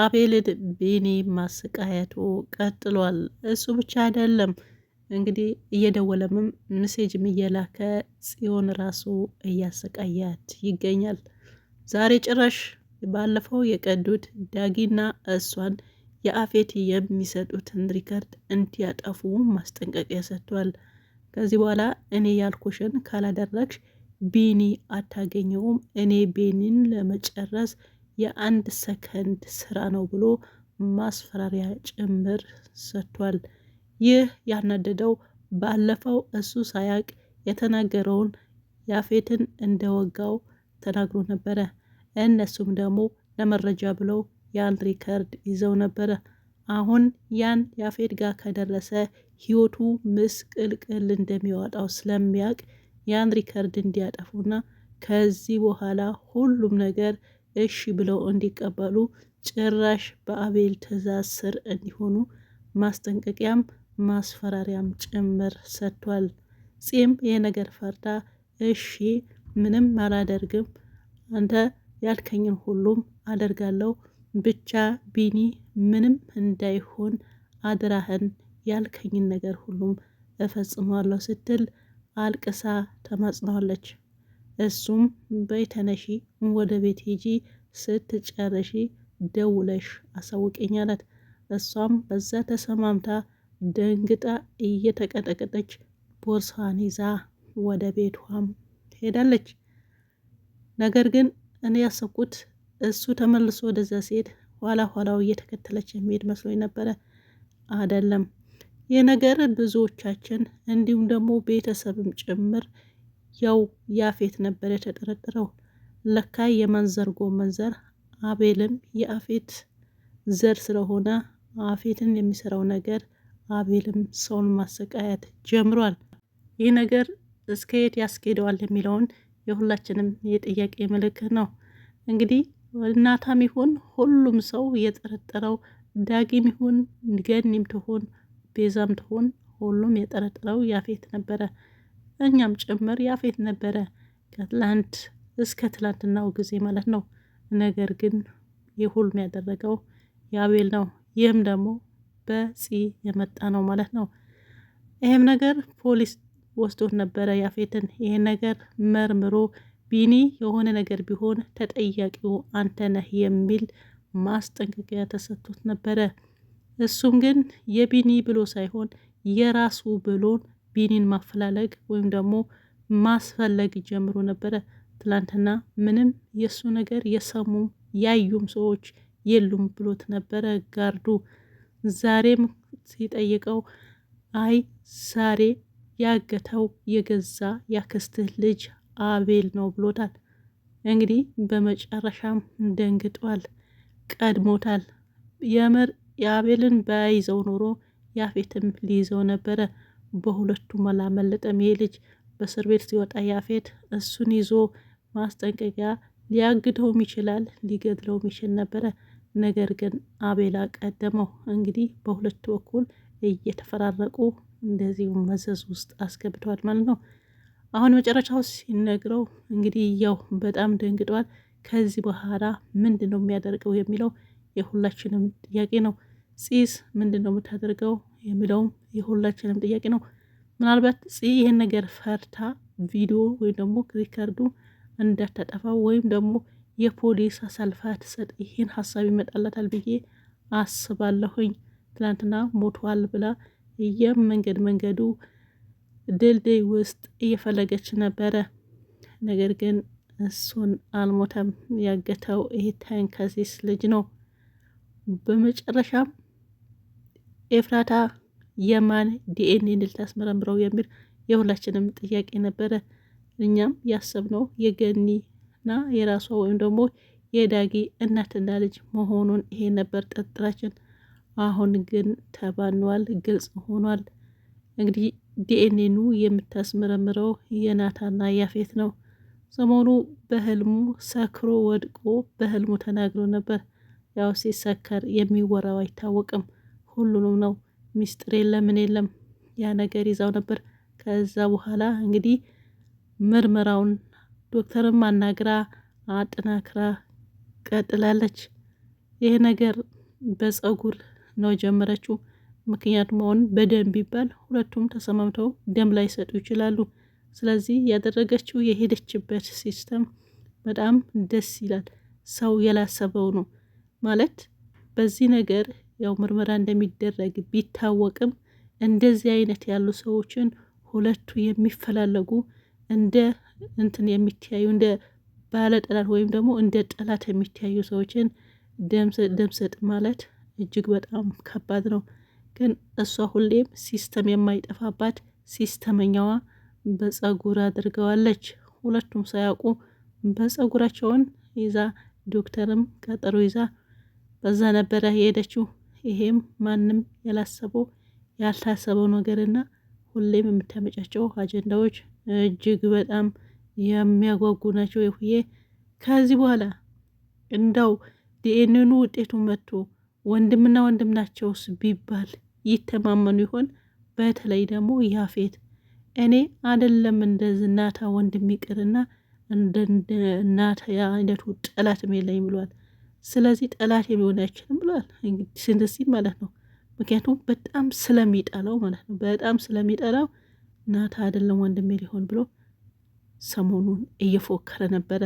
አቤልን ቢኒ ማሰቃየቱ ቀጥሏል። እሱ ብቻ አይደለም እንግዲህ እየደወለምም ምሴጅም እየላከ ጽዮን ራሱ እያሰቃያት ይገኛል። ዛሬ ጭራሽ ባለፈው የቀዱት ዳጊና እሷን የአፌት የሚሰጡትን ሪከርድ እንዲያጠፉ ማስጠንቀቂያ ሰጥቷል። ከዚህ በኋላ እኔ ያልኩሽን ካላደረግሽ ቢኒ አታገኘውም። እኔ ቢኒን ለመጨረስ የአንድ ሰከንድ ስራ ነው ብሎ ማስፈራሪያ ጭምር ሰጥቷል። ይህ ያናደደው ባለፈው እሱ ሳያቅ የተናገረውን ያፌትን እንደወጋው ተናግሮ ነበረ። እነሱም ደግሞ ለመረጃ ብለው ያን ሪከርድ ይዘው ነበረ። አሁን ያን ያፌት ጋር ከደረሰ ህይወቱ ምስቅልቅል እንደሚወጣው ስለሚያውቅ ያን ሪከርድ እንዲያጠፉና ከዚህ በኋላ ሁሉም ነገር እሺ ብለው እንዲቀበሉ ጭራሽ በአቤል ትዕዛዝ ስር እንዲሆኑ ማስጠንቀቂያም ማስፈራሪያም ጭምር ሰጥቷል። ጺም የነገር ፈርታ እሺ ምንም አላደርግም፣ አንተ ያልከኝን ሁሉም አደርጋለሁ፣ ብቻ ቢኒ ምንም እንዳይሆን አድራህን ያልከኝን ነገር ሁሉም እፈጽመዋለሁ ስትል አልቅሳ ተማጽነዋለች። እሱም በይ ተነሺ ወደ ቤት ሂጂ ስትጨርሺ ደውለሽ አሳውቀኝ አላት። እሷም በዛ ተሰማምታ ደንግጣ እየተቀጠቀጠች ቦርሳዋን ይዛ ወደ ቤቷም ሄዳለች። ነገር ግን እኔ ያሰብኩት እሱ ተመልሶ ወደዛ ሲሄድ ኋላ ኋላው እየተከተለች የሚሄድ መስሎኝ ነበረ። አደለም። ይህ ነገር ብዙዎቻችን እንዲሁም ደግሞ ቤተሰብም ጭምር ያው ያፌት ነበር የተጠረጠረው። ለካ የመንዘርጎ መንዘር አቤልም የአፌት ዘር ስለሆነ አፌትን የሚሰራው ነገር አቤልም ሰውን ማሰቃየት ጀምሯል። ይህ ነገር እስከ የት ያስኬደዋል የሚለውን የሁላችንም የጥያቄ ምልክት ነው። እንግዲህ እናታም ይሁን ሁሉም ሰው የጠረጠረው ዳጊም ይሁን ገኒም ትሆን ቤዛም ትሆን ሁሉም የጠረጠረው ያፌት ነበረ። እኛም ጭምር ያፌት ነበረ ከትላንት እስከ ትላንትናው ጊዜ ማለት ነው። ነገር ግን የሁሉም ያደረገው የአቤል ነው። ይህም ደግሞ በፂ የመጣ ነው ማለት ነው። ይህም ነገር ፖሊስ ወስዶት ነበረ ያፌትን። ይህ ነገር መርምሮ ቢኒ የሆነ ነገር ቢሆን ተጠያቂው አንተ ነህ የሚል ማስጠንቀቂያ ተሰጥቶት ነበረ። እሱም ግን የቢኒ ብሎ ሳይሆን የራሱ ብሎን ቢኒን ማፈላለግ ወይም ደግሞ ማስፈለግ ጀምሮ ነበረ። ትላንትና ምንም የእሱ ነገር የሰሙም ያዩም ሰዎች የሉም ብሎት ነበረ ጋርዱ። ዛሬም ሲጠይቀው አይ ዛሬ ያገተው የገዛ ያክስትህ ልጅ አቤል ነው ብሎታል። እንግዲህ በመጨረሻም ደንግጧል፣ ቀድሞታል። የምር የአቤልን በያይዘው ኖሮ ያፌትም ሊይዘው ነበረ። በሁለቱም አላመለጠም። ይሄ ልጅ በእስር ቤት ሲወጣ ያፌት እሱን ይዞ ማስጠንቀቂያ ሊያግደውም ይችላል፣ ሊገድለውም ይችል ነበረ። ነገር ግን አቤላ ቀደመው። እንግዲህ በሁለቱ በኩል እየተፈራረቁ እንደዚሁ መዘዝ ውስጥ አስገብተዋል ማለት ነው። አሁን መጨረሻው ሲነግረው እንግዲህ ያው በጣም ደንግጧል። ከዚህ በኋላ ምንድን ነው የሚያደርገው የሚለው የሁላችንም ጥያቄ ነው። ፂስ ምንድን ነው የምታደርገው? የሚለውም የሁላችንም ጥያቄ ነው። ምናልባት ይህን ነገር ፈርታ ቪዲዮ ወይም ደግሞ ሪከርዱ እንዳታጠፋ ወይም ደግሞ የፖሊስ አሳልፋ ትሰጥ ይህን ሀሳብ ይመጣላታል ብዬ አስባለሁኝ። ትናንትና ሞቷል ብላ መንገድ መንገዱ ድልድይ ውስጥ እየፈለገች ነበረ። ነገር ግን እሱን አልሞተም። ያገተው ይህ ተንከሲስ ልጅ ነው። በመጨረሻም ኤፍራታ የማን ዲኤንኤ ልታስመረምረው የሚል የሁላችንም ጥያቄ ነበረ። እኛም ያሰብነው የገኒና የራሷ ወይም ደግሞ የዳጊ እናትና ልጅ መሆኑን ይሄ ነበር ጥርጥራችን። አሁን ግን ተባኗል፣ ግልጽ ሆኗል። እንግዲህ ዲኤንኤኑ የምታስመረምረው የናታና ያፌት ነው። ሰሞኑ በህልሙ ሰክሮ ወድቆ በህልሙ ተናግሮ ነበር። ያው ሲሰከር የሚወራው አይታወቅም። ሁሉንም ነው። ሚስጥር የለም ምን የለም ያ ነገር ይዛው ነበር። ከዛ በኋላ እንግዲህ ምርመራውን ዶክተርም አናግራ አጠናክራ ቀጥላለች። ይህ ነገር በፀጉር ነው ጀመረችው ምክንያቱም አሁን በደም ቢባል ሁለቱም ተሰማምተው ደም ላይ ሰጡ ይችላሉ። ስለዚህ ያደረገችው የሄደችበት ሲስተም በጣም ደስ ይላል። ሰው የላሰበው ነው ማለት በዚህ ነገር ያው ምርመራ እንደሚደረግ ቢታወቅም እንደዚህ አይነት ያሉ ሰዎችን ሁለቱ የሚፈላለጉ እንደ እንትን የሚተያዩ እንደ ባለጠላት ወይም ደግሞ እንደ ጠላት የሚተያዩ ሰዎችን ደምሰጥ ማለት እጅግ በጣም ከባድ ነው። ግን እሷ ሁሌም ሲስተም የማይጠፋባት ሲስተመኛዋ በጸጉር አድርገዋለች። ሁለቱም ሳያውቁ በጸጉራቸውን ይዛ ዶክተርም ቀጠሮ ይዛ በዛ ነበረ የሄደችው። ይሄም ማንም ያላሰበው ያልታሰበው ነገርና ሁሌም የምታመጫቸው አጀንዳዎች እጅግ በጣም የሚያጓጉ ናቸው። የሁዬ ከዚህ በኋላ እንደው ዲኤንኑ ውጤቱ መጥቶ ወንድምና ወንድም ናቸውስ ቢባል ይተማመኑ ይሆን? በተለይ ደግሞ ያፌት እኔ አደለም እንደዚ እናታ ወንድም ይቅርና እንደ እናታ አይነቱ ጠላትም የለኝም ብሏል። ስለዚህ ጠላት የሚሆን አይችልም ብሏል። እንግዲህ ማለት ነው። ምክንያቱም በጣም ስለሚጠላው ማለት ነው። በጣም ስለሚጠላው ናታ አይደለም ወንድሜ ሊሆን ብሎ ሰሞኑን እየፎከረ ነበረ።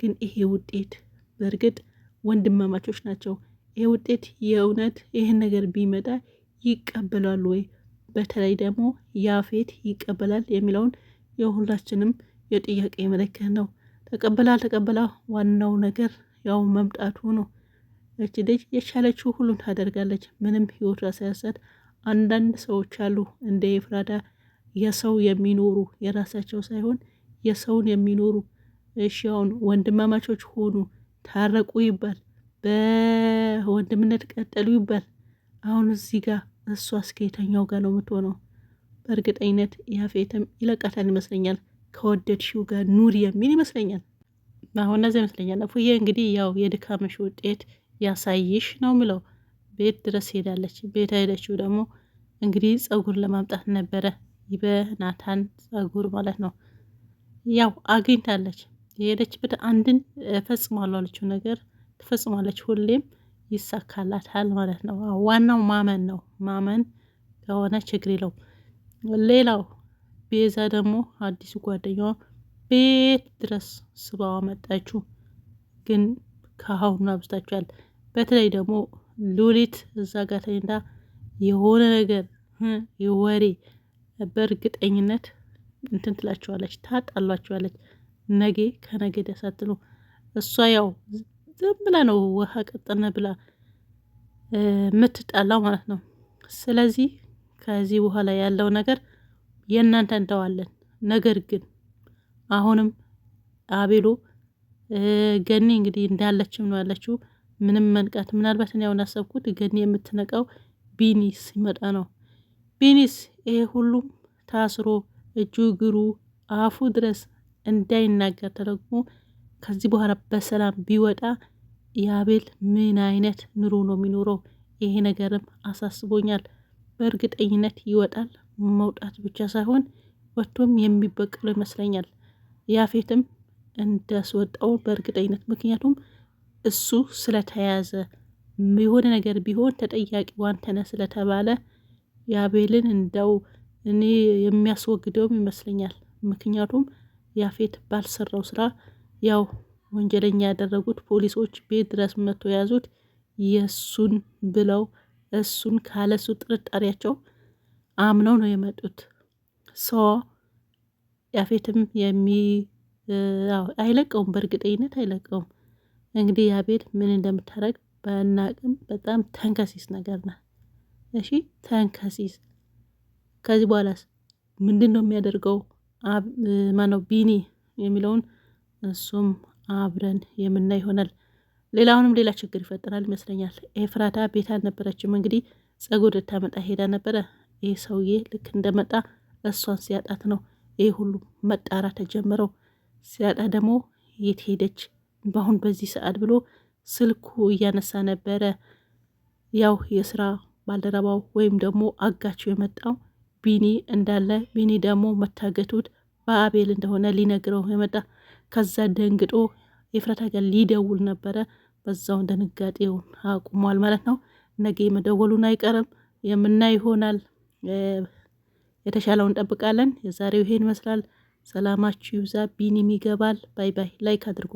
ግን ይሄ ውጤት በእርግጥ ወንድማማቾች ናቸው። ይሄ ውጤት የእውነት ይህን ነገር ቢመጣ ይቀበላሉ ወይ፣ በተለይ ደግሞ ያፌት ይቀበላል የሚለውን የሁላችንም የጥያቄ ምልክት ነው። ተቀበላል ተቀበላ ዋናው ነገር ያው መምጣቱ ነው። እች ልጅ የቻለችው ሁሉን ታደርጋለች። ምንም ህይወቷ ሳያሳት አንዳንድ ሰዎች አሉ እንደ የፍራዳ የሰው የሚኖሩ የራሳቸው ሳይሆን የሰውን የሚኖሩ እሺ፣ አሁን ወንድማማቾች ሆኑ፣ ታረቁ ይባል፣ በወንድምነት ቀጠሉ ይባል። አሁን እዚህ ጋር እሷ እስከየተኛው ጋር ነው የምትሆነው? በእርግጠኝነት ያፌትም ይለቃታል ይመስለኛል። ከወደድሽው ጋር ኑር የሚል ይመስለኛል። አሁን እነዚህ ይመስለኛል ፉዬ እንግዲህ ያው የድካምሽ ውጤት ያሳይሽ ነው ምለው። ቤት ድረስ ሄዳለች። ቤት ሄደችው ደግሞ እንግዲህ ጸጉር ለማምጣት ነበረ በናታን ጸጉር ማለት ነው። ያው አግኝታለች። የሄደችበት አንድን ፈጽማለሁ አለችው ነገር ትፈጽሟለች። ሁሌም ይሳካላታል ማለት ነው። ዋናው ማመን ነው። ማመን ከሆነ ችግር የለውም። ሌላው ቤዛ ደግሞ አዲሱ ጓደኛዋ ቤት ድረስ ስባው አመጣችሁ። ግን ከአሁኑ አብዝታችኋል። በተለይ ደግሞ ሉሊት እዛ ጋር ተኝታ የሆነ ነገር የወሬ በእርግጠኝነት እንትን ትላችኋለች፣ ታጣሏችኋለች። ነጌ ከነገ ደሳትሉ እሷ ያው ዝም ብላ ነው ውሃ ቀጠነ ብላ የምትጣላው ማለት ነው። ስለዚህ ከዚህ በኋላ ያለው ነገር የእናንተ እንተዋለን። ነገር ግን አሁንም አቤሎ ገኒ እንግዲህ እንዳለችም ነው ያለችው። ምንም መንቃት ምናልባት እኔ ያውን ያሰብኩት ገኒ የምትነቀው ቢኒ ሲመጣ ነው። ቢኒስ ይሄ ሁሉም ታስሮ እጁ እግሩ አፉ ድረስ እንዳይናገር ተደግሞ ከዚህ በኋላ በሰላም ቢወጣ የአቤል ምን አይነት ኑሮ ነው የሚኖረው? ይሄ ነገርም አሳስቦኛል። በእርግጠኝነት ይወጣል። መውጣት ብቻ ሳይሆን ወጥቶም የሚበቀለው ይመስለኛል። ያፌትም እንዳስወጣው በእርግጠኝነት ምክንያቱም እሱ ስለተያዘ የሆነ ነገር ቢሆን ተጠያቂ ዋንተነ ስለተባለ የአቤልን እንደው እኔ የሚያስወግደውም ይመስለኛል። ምክንያቱም ያፌት ባልሰራው ስራ ያው ወንጀለኛ ያደረጉት ፖሊሶች ቤት ድረስ መቶ የያዙት የእሱን ብለው እሱን ካለሱ ጥርጣሬያቸው አምነው ነው የመጡት ሰው ያፌትም የሚ አይለቀውም፣ በእርግጠኝነት አይለቀውም። እንግዲህ ያቤት ምን እንደምታረግ በናቅም በጣም ተንከሲስ ነገር ናት። እሺ ተንከሲስ። ከዚህ በኋላስ ምንድን ነው የሚያደርገው? ማነው ቢኒ የሚለውን እሱም አብረን የምናይ ይሆናል። አሁንም ሌላ ችግር ይፈጠራል ይመስለኛል። ኤፍራታ ቤት አልነበረችም። እንግዲህ ጸጉር ልታመጣ ሄዳ ነበረ። ይህ ሰውዬ ልክ እንደመጣ እሷን ሲያጣት ነው ይህ ሁሉ መጣራ ተጀምረው ሲያጣ ደግሞ የት ሄደች በአሁን በዚህ ሰዓት ብሎ ስልኩ እያነሳ ነበረ። ያው የስራ ባልደረባው ወይም ደግሞ አጋቸው የመጣው ቢኒ እንዳለ ቢኒ ደግሞ መታገቱት በአቤል እንደሆነ ሊነግረው የመጣ ከዛ ደንግጦ የፍረታ ጋር ሊደውል ነበረ። በዛው ድንጋጤውን አቁሟል ማለት ነው። ነገ መደወሉን አይቀርም የምናይ ይሆናል። የተሻለው እንጠብቃለን። የዛሬው ይሄን ይመስላል። ሰላማችሁ ይብዛ። ቢኒም ይገባል። ባይ ባይ። ላይክ አድርጉ።